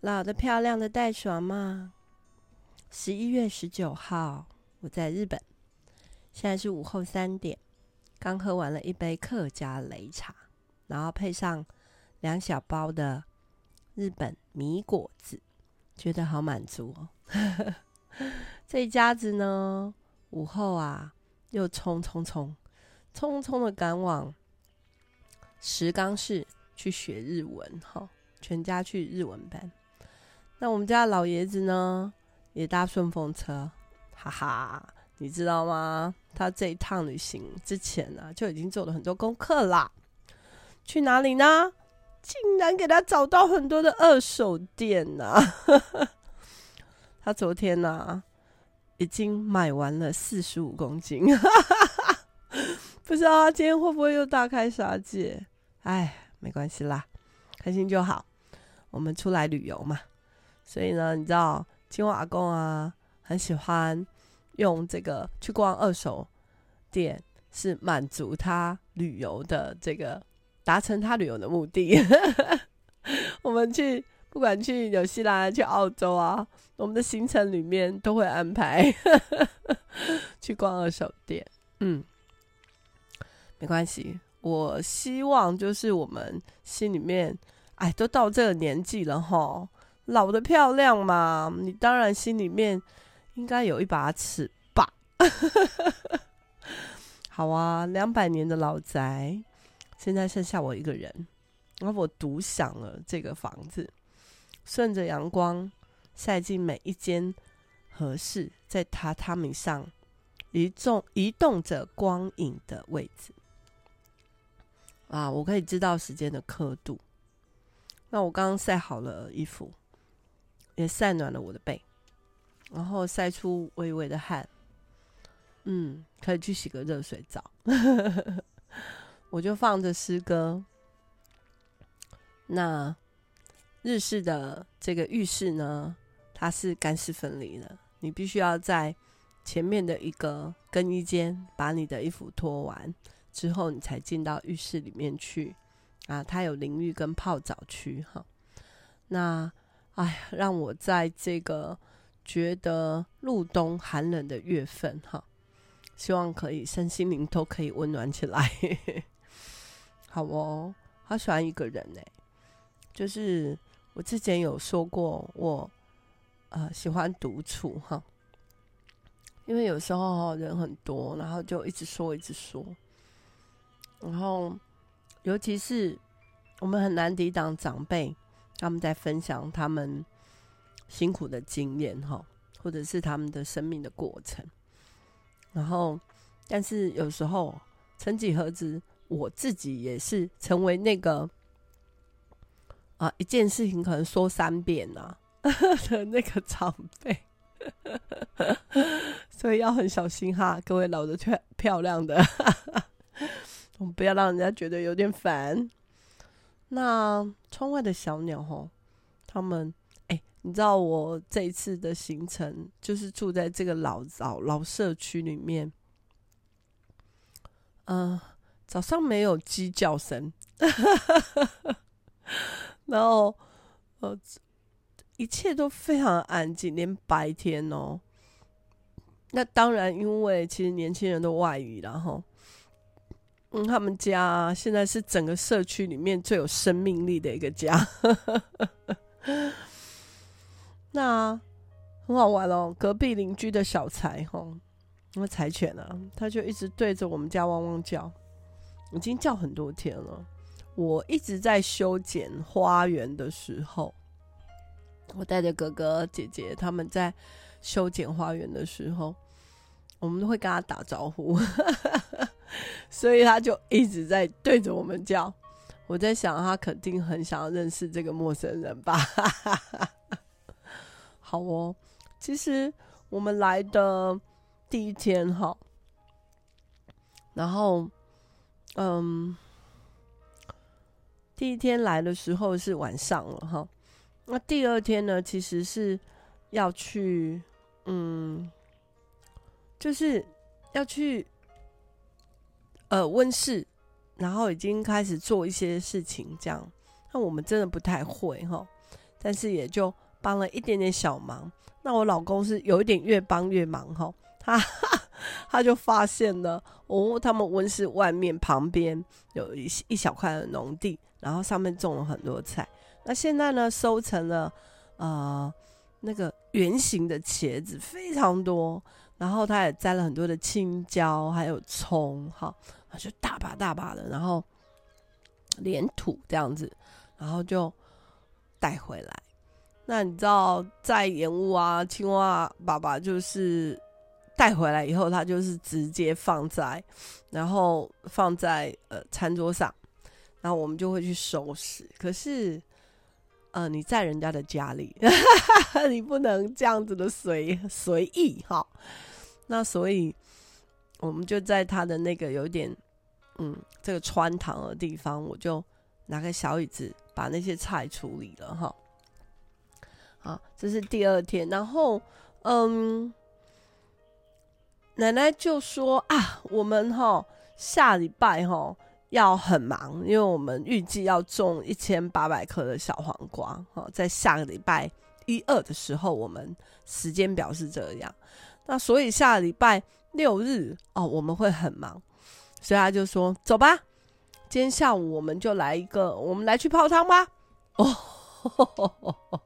老得漂亮的帶爽嘛，十一月十九號，我在日本，現在是午後三點，剛喝完了一杯客家擂茶，然後配上兩小包的日本米果子，覺得好滿足哦。 這一家子呢，午後啊，又匆匆匆匆匆的趕往石岡市去學日文，全家去日文班。那我們家的老爺子呢，也搭順風車，哈哈，你知道嗎？他這一趟旅行之前呢、啊，就已經做了很多功課啦。去哪裡呢？竟然給他找到很多的二手店呢、啊！ 他昨天呢、啊，已經買完了四十五公斤，哈哈哈，不知道他今天會不會又大開殺戒？哎，沒關係啦，開心就好。我們出來旅遊嘛。所以呢，你知道，青蛙阿公啊，很喜歡用這個去逛二手店，是滿足他旅遊的這個，達成他旅遊的目的。 我們去不管去紐西蘭、去澳洲啊，我們的行程裡面都會安排 去逛二手店。嗯，沒關係，我希望就是我們心裡面，哎，都到這個年紀了吼。老得漂亮嘛，你當然心裡面應該有一把尺吧。 好啊，兩百年的老宅，現在剩下我一個人，而我獨享了這個房子。順着陽光曬進每一間和室，在榻榻米上移動移動着光影的位置。啊，我可以知道時間的刻度。那我剛剛曬好了衣服。也曬暖了我的背，然後曬出微微的汗，嗯，可以去洗個熱水澡。 我就放着詩歌。那日式的這個浴室呢，它是乾濕分離的，你必須要在前面的一個更衣間把你的衣服脫完之後，你才進到浴室裡面去。啊，它有淋浴跟泡澡區哈。那哎呀，讓我在這個覺得入冬寒冷的月份哈，希望可以身心靈都可以溫暖起來。呵呵，好哦，好喜歡一個人呢，欸。就是我之前有說過我，呃，喜歡獨處哈，因為有時候人很多，然後就一直說一直說，然後尤其是我們很難抵擋長輩。他們在分享他們辛苦的經驗，哈，或者是他們的生命的過程。然後，但是有時候，曾幾何時，我自己也是成為那個啊，一件事情可能說三遍啊，的那個長輩， 所以要很小心哈，各位老得漂亮的， 不要讓人家覺得有點煩。那窗外的小鳥吼，他們哎、欸，你知道我這一次的行程就是住在這個老老老社區裡面，嗯、呃，早上沒有雞叫聲，嗯、 然後一切都非常安靜，連白天哦，那當然，因為其實年輕人的外語啦吼，然後。嗯，他們家、啊、現在是整個社區裡面最有生命力的一個家。 那、啊、很好玩哦，隔壁鄰居的小柴哈，哦、因為柴犬啊，它就一直對着我們家汪汪叫，已經叫很多天了。我一直在修剪花園的時候，我帶着哥哥姐姐他們在修剪花園的時候，我們都會跟他打招呼。 所以他就一直在對着我們叫，我在想他肯定很想要認識這個陌生人吧。 好哦，其實我們來的第一天哈，然後嗯，第一天來的時候是晚上了哈，那第二天呢，其實是要去嗯，就是要去。呃溫室，然後已經開始做一些事情，這樣，那我們真的不太會哈、哦，但是也就幫了一點點小忙。那我老公是有一點越幫越忙哈、哦，他他就發現了，哦，他們溫室外面旁邊有一一小塊的農地，然後上面種了很多菜，那現在呢收成了，呃，那個圓形的茄子非常多。然後他也摘了很多的青椒，還有蔥，哈，就大把大把的，然後連土這樣子，然後就帶回來。那你知道，在延誤啊，青蛙爸爸就是帶回來以後，他就是直接放在，然後放在呃餐桌上，然後我們就會去收拾。可是。嗯、呃，你在人家的家裡，呵呵你不能這樣子的隨隨意哈。那所以，我們就在他的那個有點嗯，這個穿堂的地方，我就拿個小椅子把那些菜處理了哈。好、啊，這是第二天，然後嗯，奶奶就說啊，我們哈下禮拜哈，要很忙，因為我們預計要種一千八百棵的小黃瓜哦，在下個禮拜一二的時候，我們時間表是這樣。那所以下個禮拜六日哦，我們會很忙，所以他就說：“走吧，今天下午我們就來一個，我們來去泡湯吧，哦呵呵呵，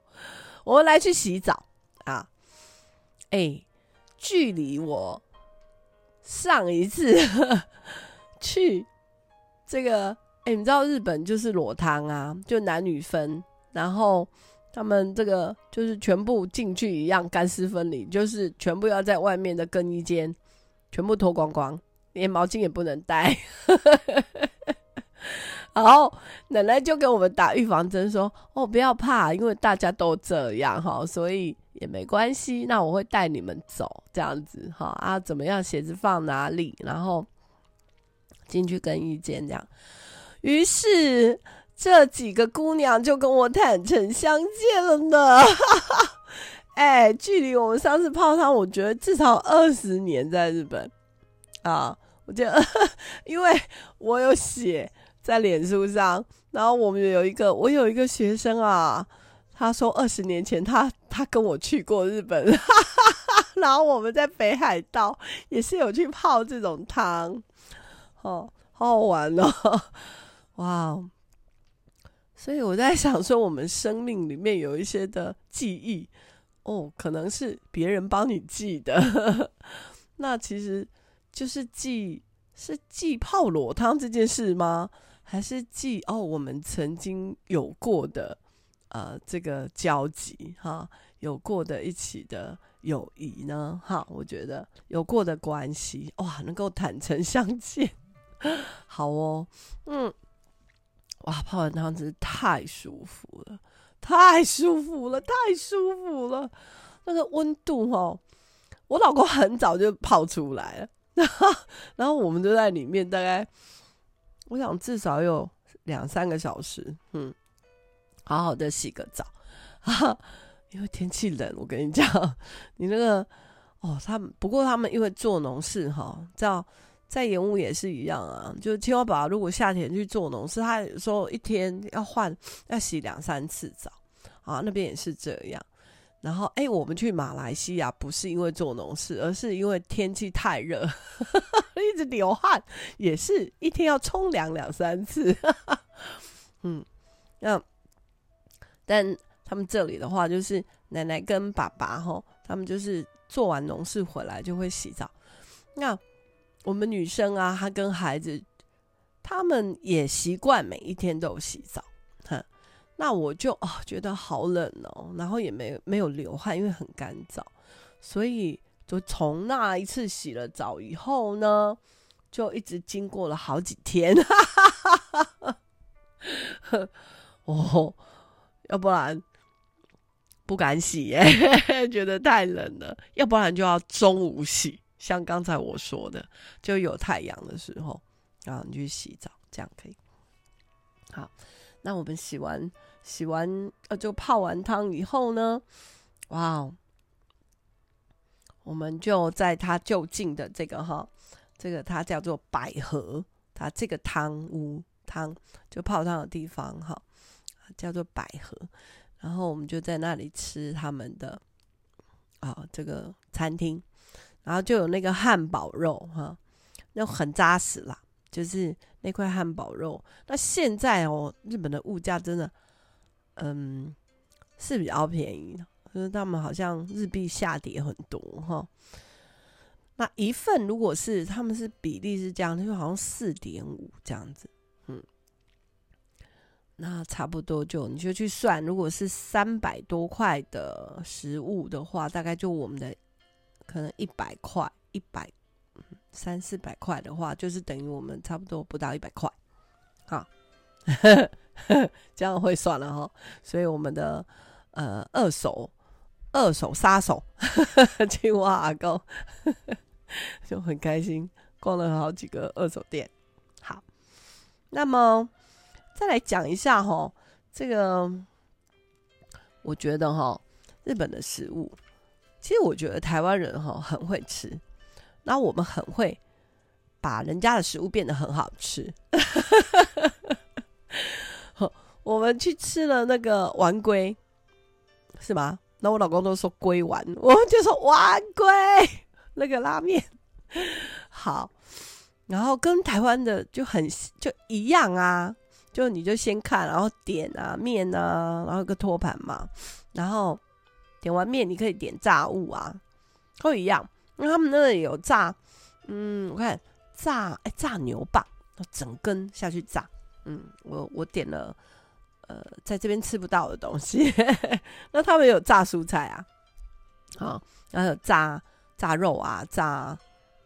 我們來去洗澡啊，誒，距離我上一次呵呵去。”這個哎，你知道日本就是裸湯啊，就男女分，然後他們這個就是全部進去一樣乾濕分離，就是全部要在外面的更衣間，全部脫光光，連毛巾也不能帶。然後 奶奶就給我們打預防針說，說哦不要怕，因為大家都這樣哈、哦，所以也沒關係。那我會帶你們走，這樣子哈、哦、啊，怎麼樣鞋子放哪裡，然後。進去更衣間這樣，於是這幾個姑娘就跟我坦誠相見了呢。哎、 欸，距離我們上次泡湯，我覺得至少二十年在日本啊！我覺得呵呵因為我有寫在臉書上，然後我們有一個，我有一個學生啊，他說二十年前他他跟我去過日本， 然後我們在北海道也是有去泡這種湯。哦，好好玩哦，哇！所以我在想說，我們生命裡面有一些的記憶，哦，可能是別人幫你記的，呵呵，那其實就是記是記泡裸湯這件事嗎？還是記哦我們曾經有過的呃這個交集哈，有過的一起的友誼呢哈？我覺得有過的關係哇，能夠坦誠相見。好哦，嗯，哇，泡完湯真是太舒服了，太舒服了，太舒服了。那個溫度哈、哦，我老公很早就泡出來了，然後，然後我們就在裡面，大概我想至少有兩三個小時，嗯，好好的洗個澡啊，因為天氣冷，我跟你講，你那個哦，他們不過他們因為做農事哈、哦，叫。在鹽務也是一樣啊，就是青蛙寶寶如果夏天去做農事，他說一天要換要洗兩三次澡啊，那邊也是這樣。然後哎、欸，我們去馬來西亞不是因為做農事，而是因為天氣太熱，一直流汗，也是一天要沖涼兩三次呵呵。嗯，那但他們這裡的話，就是奶奶跟爸爸哈，他們就是做完農事回來就會洗澡。那我們女生啊，她跟孩子，他們也習慣每一天都有洗澡。哼，那我就哦覺得好冷哦，然後也沒沒有流汗，因為很乾燥，所以就從那一次洗了澡以後呢，就一直經過了好幾天。哈哈哈,哈。哦，要不然不敢洗耶呵呵，覺得太冷了；要不然就要中午洗。像剛才我說的，就有太陽的時候，然後、啊、你去洗澡，這樣可以。好，那我們洗完洗完、啊、就泡完湯以後呢，哇，我們就在他就近的這個哈、啊，這個它叫做百合，它這個湯屋湯就泡湯的地方哈、啊，叫做百合。然後我們就在那裡吃他們的啊這個餐廳。然後就有那個漢堡肉哈，那很扎實啦，就是那塊漢堡肉。那現在哦，日本的物價真的，嗯，是比較便宜的，因為他們好像日幣下跌很多哈。那一份如果是他們是比例是這樣，就好像四點五這樣子，嗯，那差不多就你就去算，如果是三百多塊的食物的話，大概就我們的。可能一百塊，一百、嗯、三四百塊的話，就是等於我們差不多不到一百塊，好、啊，這樣會算了哈。所以我們的呃二手二手殺手青蛙阿高就很開心，逛了好幾個二手店。好，那麼再來講一下哈，這個我覺得哈，日本的食物。其實我覺得台灣人哈很會吃，那我們很會把人家的食物變得很好吃。 好，我們去吃了那個丸龜，是嗎？那我老公都說龜丸，我們就說丸龜那個拉麵好。然後跟台灣的就很就一樣啊，就你就先看，然後點啊麵啊，然後個托盤嘛，然後。點完麵，你可以點炸物啊，都一樣。因為他們那裡有炸，嗯，我看炸，哎、欸，炸牛蒡，整根下去炸。嗯，我我點了，呃，在這邊吃不到的東西呵呵。那他們有炸蔬菜啊，啊，還有炸炸肉啊，炸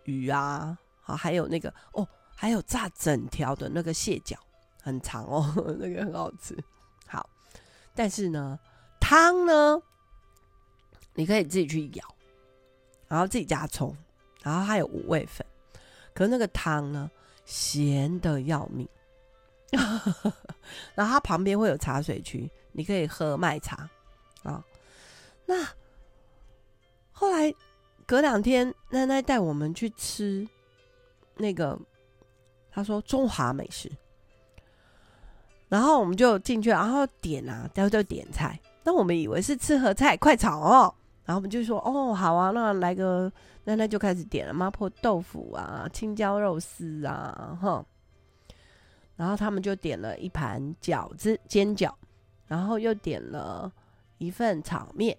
魚啊，好，還有那個哦，還有炸整條的那個蟹腳，很長哦，那個很好吃。好，但是呢，湯呢？你可以自己去舀，然後自己加蔥，然後還有五味粉。可是那個湯呢，鹹得要命。 然後它旁邊會有茶水區，你可以喝麥茶，然後那後來隔兩天，奶奶帶我們去吃那個，她說中華美食。然後我們就進去，然後點啊，然後就點菜。那我們以為是吃合菜、快炒哦。然後我們就說哦，好啊，那來個那那就開始點了麻婆豆腐啊，青椒肉絲啊，哼。然後他們就點了一盤餃子、煎餃，然後又點了一份炒麵。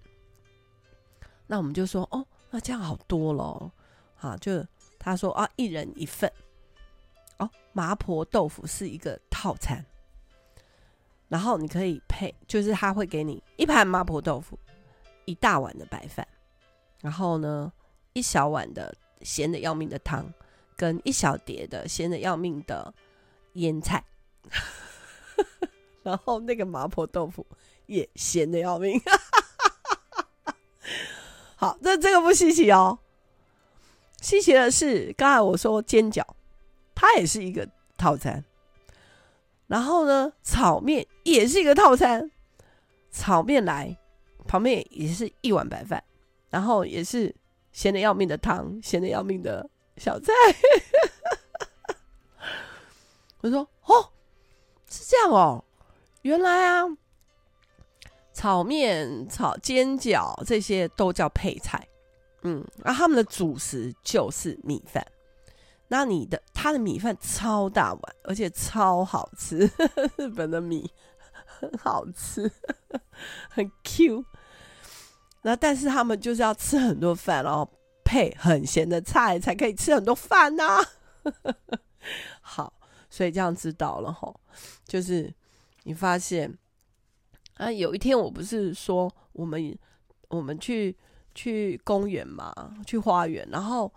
那我們就說哦，那這樣好多了，啊，就他說啊，一人一份。哦，麻婆豆腐是一個套餐，然後你可以配，就是他會給你一盤麻婆豆腐。一大碗的白飯，然後呢，一小碗的鹹的要命的湯，跟一小碟的鹹的要命的醃菜， 然後那個麻婆豆腐也鹹的要命。 好，這這個不稀奇哦。稀奇的是，剛才我說煎餃，它也是一個套餐。然後呢，炒麵也是一個套餐，炒麵來。旁邊也是一碗白飯，然後也是鹹的要命的湯，鹹的要命的小菜。 我說：“哦，是這樣哦，原來啊，炒麵、炒煎餃這些都叫配菜，嗯，啊，他們的主食就是米飯。那你的他的米飯超大碗，而且超好吃， 日本的米。”很 好吃，很 Q。那但是他們就是要吃很多飯，然後配很鹹的菜，才可以吃很多飯呢、啊。 好，所以這樣知道了吼，就是你發現啊，有一天我不是說我們我們去去公園嘛，去花園，然後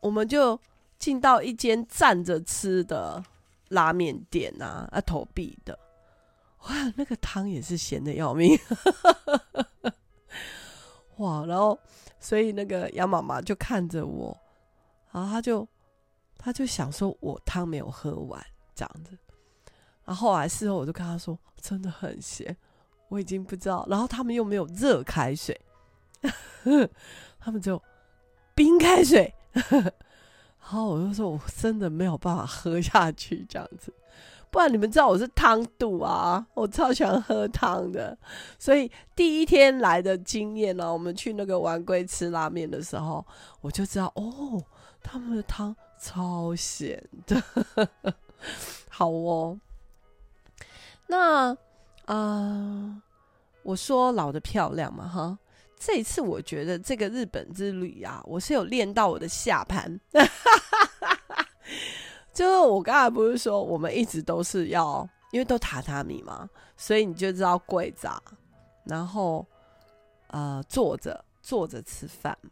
我們就進到一間站着吃的拉面店啊，啊投幣的。哇，那個湯也是鹹的要命， 哇！然後，所以那個羊媽媽就看着我，然後他就他就想說，我湯沒有喝完這樣子。然後，後來事後，我就跟她說，真的很鹹，我已經不知道。然後他們又沒有熱開水，他 們就冰開水。 然後我就說，我真的沒有辦法喝下去這樣子。不然你們知道我是湯肚啊，我超喜歡喝湯的，所以第一天來的經驗呢、啊，我們去那個丸龜吃拉麵的時候，我就知道哦，他們的湯超鹹的， 好哦。那啊、呃，我說老得漂亮嘛哈，這一次我覺得這個日本之旅啊，我是有練到我的下盤。 就是我剛才不是說，我們一直都是要，因為都榻榻米嘛，所以你就知道跪着啊，然後呃坐着坐着吃飯嘛。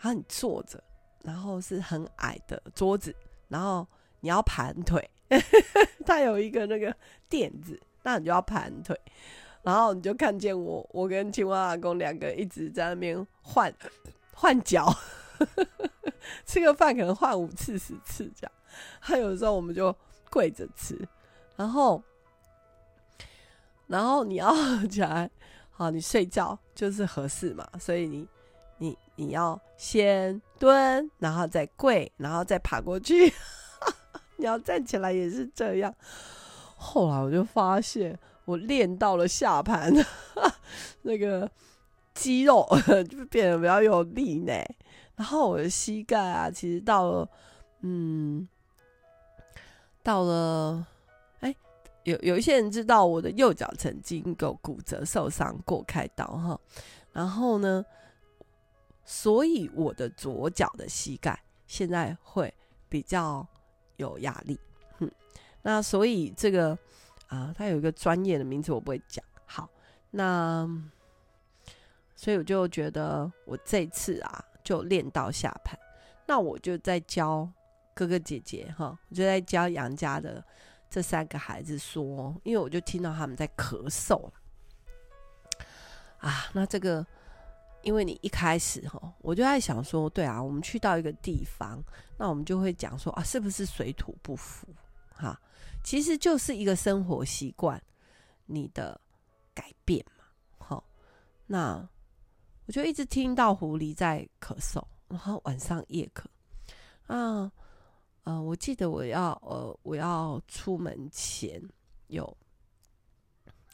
然後你坐着，然後是很矮的桌子，然後你要盤腿。 它有一個那個墊子，那你就要盤腿，然後你就看見我，我跟青蛙阿公兩個一直在那邊換換腳， 吃個飯可能換五次十次這樣。他有的時候我們就跪着吃，然後，然後你要起來，好，你睡覺就是合適嘛，所以你，你你要先蹲，然後再跪，然後再爬過去。呵呵，你要站起來也是這樣。後來我就發現，我練到了下盤呵呵那個肌肉，就變得比較有力呢。然後我的膝蓋啊，其實到了，嗯。到了，哎、欸，有有一些人知道我的右腳曾經有骨折受傷過，開刀哈。然後呢，所以我的左腳的膝蓋現在會比較有壓力。哼、嗯，那所以這個啊，它有一個專業的名詞，我不會講。好，那所以我就覺得我這次啊，就練到下盤。那我就在教。哥哥姐姐，哈，我就在教楊家的這三個孩子說，因為我就聽到他們在咳嗽，啊，那這個，因為你一開始哈，我就在想說，對啊，我們去到一個地方，那我們就會講說啊，是不是水土不服，哈、啊，其實就是一個生活習慣，你的改變嘛，好、啊，那我就一直聽到狐狸在咳嗽，然後晚上夜咳，啊。呃，我記得我要呃，我要出門前有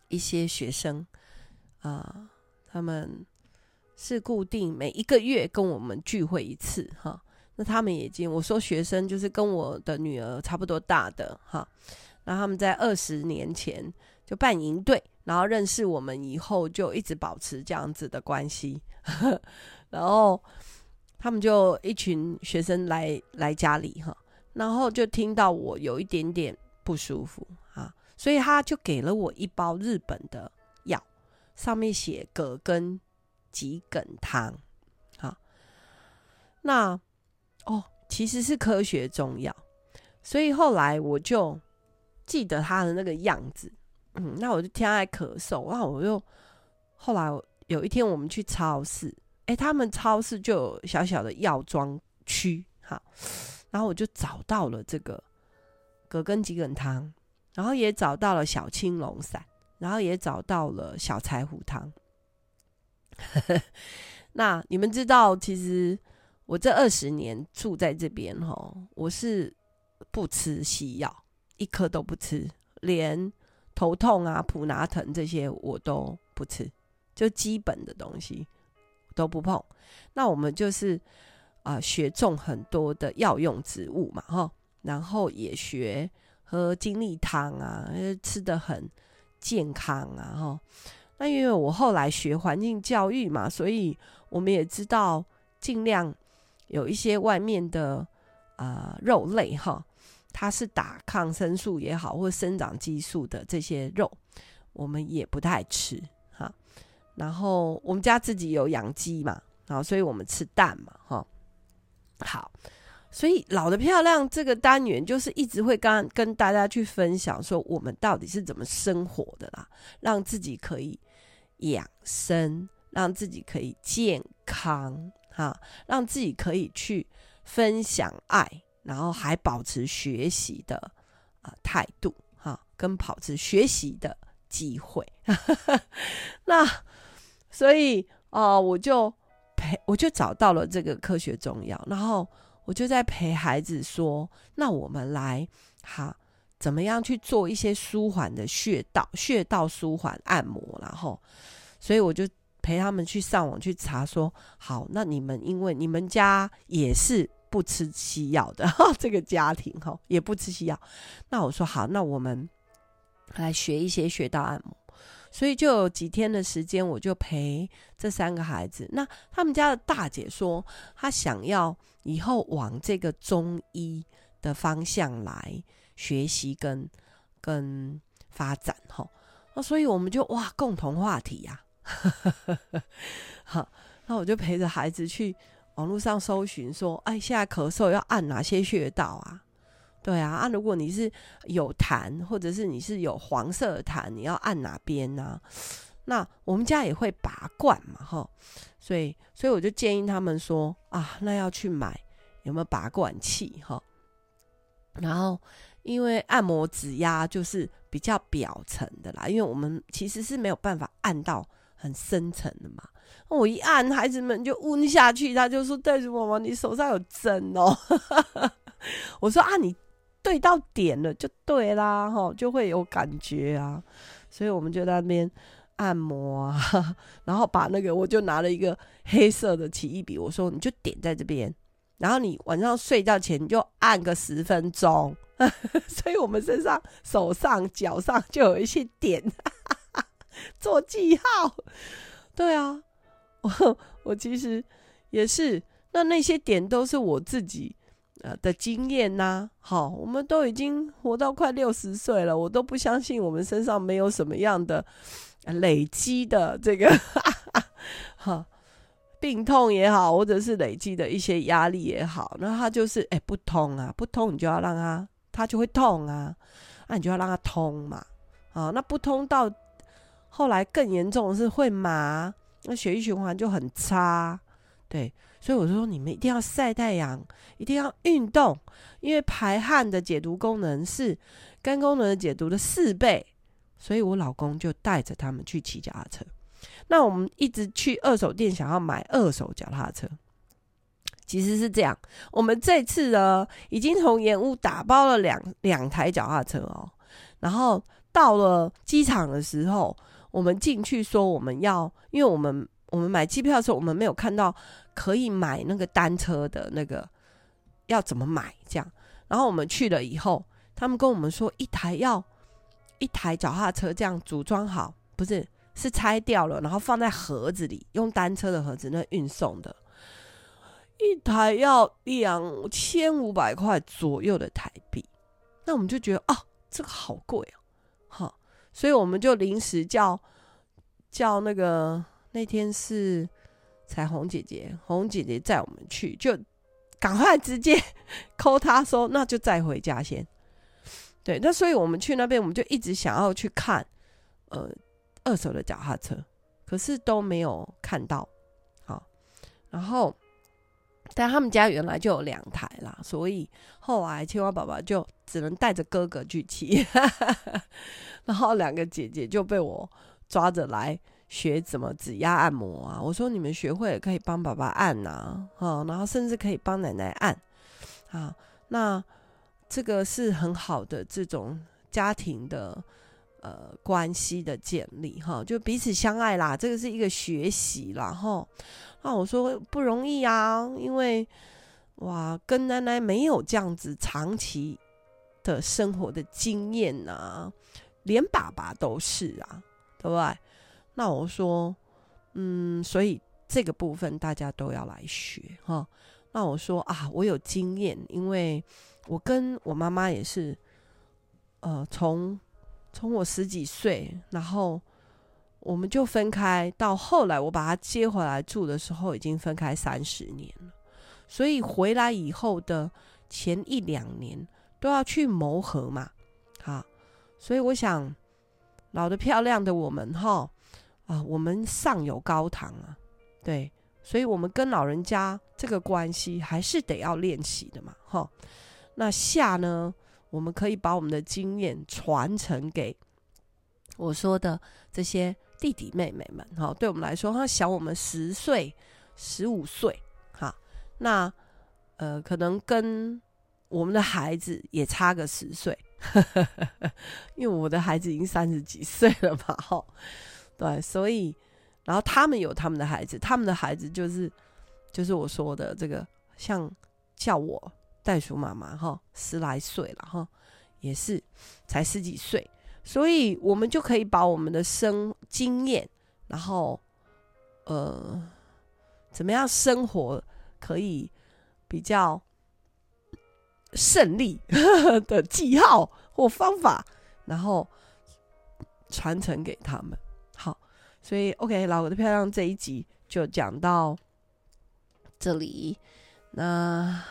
一些學生啊、呃，他們是固定每一個月跟我們聚會一次哈。那他們也經，我說學生就是跟我的女兒差不多大的哈。那他們在二十年前就辦營隊，然後認識我們以後就一直保持這樣子的關係。呵呵，然後他們就一群學生來來家裡哈。然後就聽到我有一點點不舒服啊，所以他就給了我一包日本的藥，上面寫葛根桔梗湯，那哦，其實是科學中藥，所以後來我就記得他的那個樣子，嗯，那我就天天咳嗽，那我就後來有一天我們去超市誒，他們超市就有小小的藥妝區，然後我就找到了這個葛根桔梗湯，然後也找到了小青龍散，然後也找到了小柴胡湯。 那你們知道，其實我這二十年住在這邊哦，我是不吃西藥，一顆都不吃，連頭痛啊、普拿疼這些我都不吃，就基本的東西都不碰。那我們就是。啊，學種很多的藥用植物嘛，然後也學喝精力湯啊，吃得很健康啊，那因為我後來學環境教育嘛，所以我們也知道盡量有一些外面的啊、呃、肉類哈，它是打抗生素也好或生長激素的這些肉，我們也不太吃，然後我們家自己有養雞嘛，所以我們吃蛋嘛，好，所以老得漂亮這個單元就是一直會跟跟大家去分享，說我們到底是怎麼生活的啦，讓自己可以養生，讓自己可以健康，哈、啊，讓自己可以去分享愛，然後還保持學習的啊、呃、態度，哈、啊，跟保持學習的機會。 那所以啊、呃，我就。我就找到了這個科學中藥，然後我就在陪孩子說：“那我們來，哈，怎麼樣去做一些舒緩的穴道穴道舒緩按摩？”然後，所以我就陪他們去上網去查說：“好，那你們因為你們家也是不吃西藥的這個家庭哈，也不吃西藥，那我說好，那我們來學一些穴道按摩。”所以就有幾天的時間，我就陪這三個孩子。那他們家的大姐說，她想要以後往這個中醫的方向來學習跟跟發展吼。那所以我們就哇，共同話題呀。好。 那我就陪着孩子去網絡上搜尋說，說哎，現在咳嗽要按哪些穴道啊？對啊，啊，如果你是有痰，或者是你是有黃色痰，你要按哪邊呢？那我們家也會拔罐嘛，吼，所以，所以我就建議他們說啊，那要去買有沒有拔罐器，哈。然後，因為按摩指壓就是比較表層的啦，因為我們其實是沒有辦法按到很深層的嘛。我一按，孩子們就溫下去，他就說：“對茹媽媽，你手上有針哦。 ”我說：“啊，你。”對到點了就對啦，吼，就會有感覺啊，所以我們就在那邊按摩啊，然後把那個我就拿了一個黑色的奇異筆，我說你就點在這邊，然後你晚上睡覺前你就按個十分鐘呵呵，所以我們身上、手上、腳上就有一些點呵呵做記號。對啊，我我其實也是，那那些點都是我自己。呃的經驗吶、啊，好、哦，我們都已經活到快六十歲了，我都不相信我們身上沒有什麼樣的累積的這個哈，哈，病痛也好，或者是累積的一些壓力也好，那它就是哎、欸、不通啊，不通你就要讓它，它就會痛啊，那你就要讓它通嘛，啊、哦，那不通到後來更嚴重的是會麻，那血液循環就很差，對。所以我說，你們一定要曬太陽，一定要運動，因為排汗的解毒功能是肝功能的解毒的四倍。所以，我老公就帶着他們去騎腳踏車。那我們一直去二手店，想要買二手腳踏車。其實是這樣，我們這次呢，已經從延誤打包了兩兩台腳踏車哦。然後到了機場的時候，我們進去說我們要，因為我們我們買機票的時候，我們沒有看到。可以買那個單車的那個，要怎麼買？這樣，然後我們去了以後，他們跟我們說，一台要一台腳踏車這樣組裝好，不是，是拆掉了，然後放在盒子裡，用單車的盒子那運送的，一台要兩千五百塊左右的台幣，那我們就覺得啊，這個好貴哦，啊，好，所以我們就臨時叫叫那個那天是。彩虹姐姐，紅姐姐載我們去，就趕快直接 call 她說，那就載回家先。對，那所以我們去那邊，我們就一直想要去看，呃，二手的腳踏車，可是都沒有看到。好，然後但他們家原來就有兩台啦，所以後來青蛙爸爸就只能帶着哥哥去騎， 然後兩個姐姐就被我抓着來。學怎麼指壓按摩啊？我說你們學會了可以幫爸爸按吶、啊哦，然後甚至可以幫奶奶按，啊，那這個是很好的這種家庭的呃關係的建立，哈、哦，就彼此相愛啦，這個是一個學習啦，哈。那、啊、我說不容易啊，因為哇，跟奶奶沒有這樣子長期的生活的經驗吶、啊，連爸爸都是啊，對不對？那我說，嗯，所以這個部分大家都要來學哈。那我說啊，我有經驗，因為我跟我媽媽也是，呃，從從我十幾歲，然後我們就分開，到後來我把她接回來住的時候，已經分開三十年了。所以回來以後的前一兩年都要去磨合嘛，好、啊。所以我想，老得漂亮的我們哈。齁啊，我們上有高堂啊，對，所以，我們跟老人家這個關係還是得要練習的嘛，吼，那下呢，我們可以把我們的經驗傳承給我說的這些弟弟妹妹們，對我們來說，他小我們十歲、十五歲，那，呃，可能跟我們的孩子也差個十歲，因為我的孩子已經三十幾歲了嘛，對，所以，然後他們有他們的孩子，他們的孩子就是，就是我說的這個，像叫我袋鼠媽媽哈，十來歲了哈，也是才十幾歲，所以我們就可以把我們的生經驗，然後，呃，怎麼樣生活可以比較勝利的記號或方法，然後傳承給他們。所以，OK，老得漂亮這一集就講到這裡。那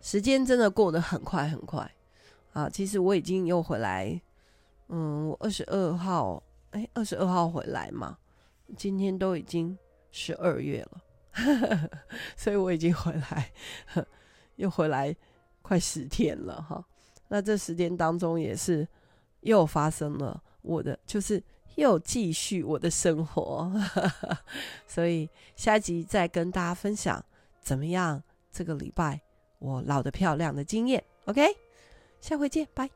時間真的過得很快很快啊！其實我已經又回來，嗯，我二十二號，哎、欸，二十二號回來嘛，今天都已經十二月了呵呵，所以我已經回來，呵又回來快十天了哈、啊。那這十天當中也是又發生了我的，就是。又繼續我的生活， 所以下集再跟大家分享怎麼樣，這個禮拜我老得漂亮的經驗。OK，下回見，拜。